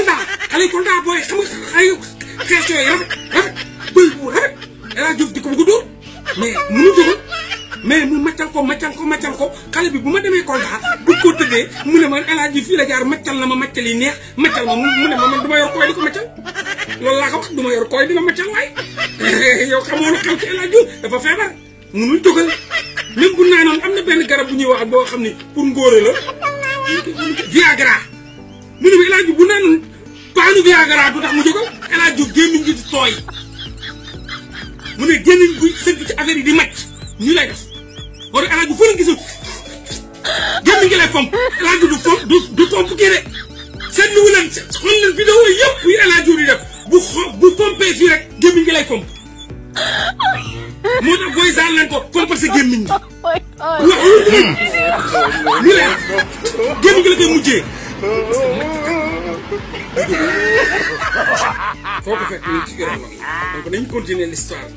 tonda xale yi tonda booy xam nga xale yu xees yooyu rafet rafet bëy bu di ko bëgg dóor mais mënu jógal mu maccal ko maccal ko maccal ko xale bi bu ma demee Kolda bu ko tëddee mu ne ma El Hadj fii la jaar maccal na ma maccal yi neex maccal ma mu ne ma man du yor kooy di ko maccal loolu laa ko wax du ma yor kooy di ma maccal waay yow xamoo lu xew ci El Hadj Diouf dafa feebar mënul jógal même bu naanoon kan? am na garab bu ñuy wax boo xam pour ngóore la Viagra mu ne ma bu naanoon paanu Viagra du tax mu jógal El Hadj Diouf gémmiñ gi tooy mu ne gémmiñ buy sëgg ci affaire di màcc ñu lay def war El Hadj Diouf fële gisut gémmiñ gi du fomp du du fomp kii de seetlu wu leen xool leen vidéo bu xo bu fompee fii rek gémmiñ gi lay fomp moo tax booy saan foo ko fekk ñu jigéen la donc nañ continuer l'histoire